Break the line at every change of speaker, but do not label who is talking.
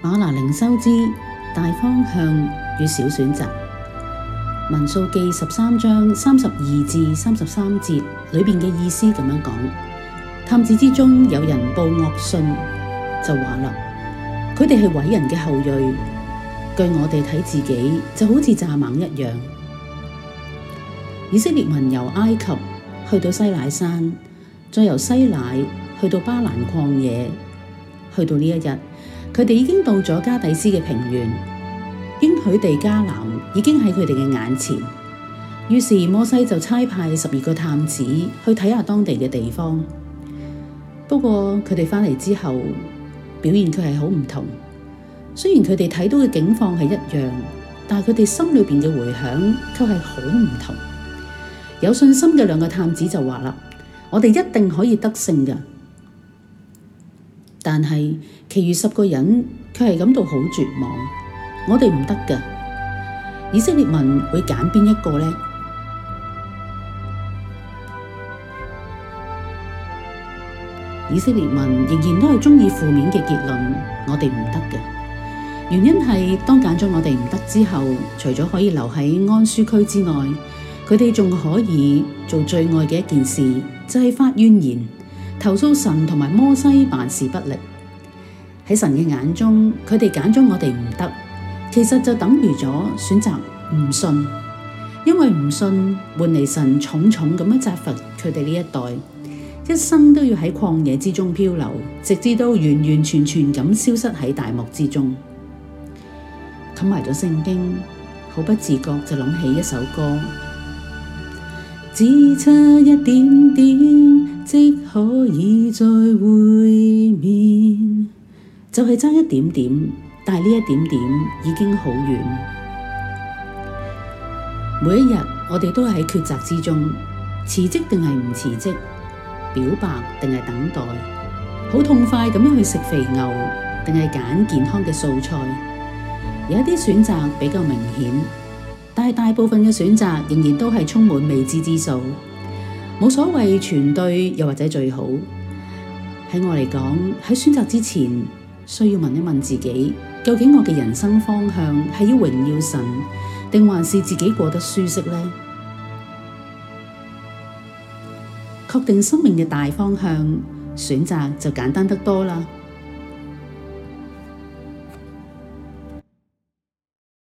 馬拿靈修之大方向與小選擇，民數記十三章三十二至三十三節裏面嘅意思咁樣講，探子之中有人報惡信，就話啦，佢哋係偉人嘅後裔，據我哋睇，自己就好似蚱蜢一樣。以色列民由埃及去到西奈山，再由西奈去到巴蘭曠野，去到呢一日。佢哋已經到咗加底斯嘅平原，應許地迦南已經喺佢哋嘅眼前。於是摩西就差派十二個探子去睇下當地嘅地方。不過佢哋翻嚟之後，表現卻係好唔同。雖然佢哋睇到嘅景況係一樣，但係佢哋心裏面嘅回響卻係好唔同。有信心嘅兩個探子就話啦：我哋一定可以得勝嘅。但係，其餘十個人卻係感到好絕望。我哋唔得㗎，以色列民會揀邊一個呢？以色列民仍然都係中意負面嘅結論。我哋唔得嘅原因係，當揀咗我哋唔得之後，除咗可以留喺安舒區之外，佢哋仲可以做最愛嘅一件事，就係、是、發怨言。投訴神同埋摩西辦事不力，喺神嘅眼中，佢哋揀咗我哋唔得，其實就等於咗選擇唔信，因為唔信換嚟神重重咁樣責罰佢哋呢一代，一生都要喺曠野之中漂流，直至到完完全全咁消失喺大漠之中。冚埋咗聖經，好不自覺就諗起一首歌，只差一點點。即可以再會面，就係、是、差一點點，但係呢一點點已經好遠。每一日我哋都喺抉擇之中，辭職定係唔辭職，表白定係等待，好痛快咁樣去食肥牛定係揀健康嘅素菜。有一啲選擇比較明顯，但係大部分嘅選擇仍然都係充滿未知之數。冇所謂全對又或者最好，喺我嚟講，喺選擇之前，需要問一問自己，究竟我嘅人生方向係要榮耀神，定還是自己過得舒適呢？確定生命嘅大方向，選擇就簡單得多啦。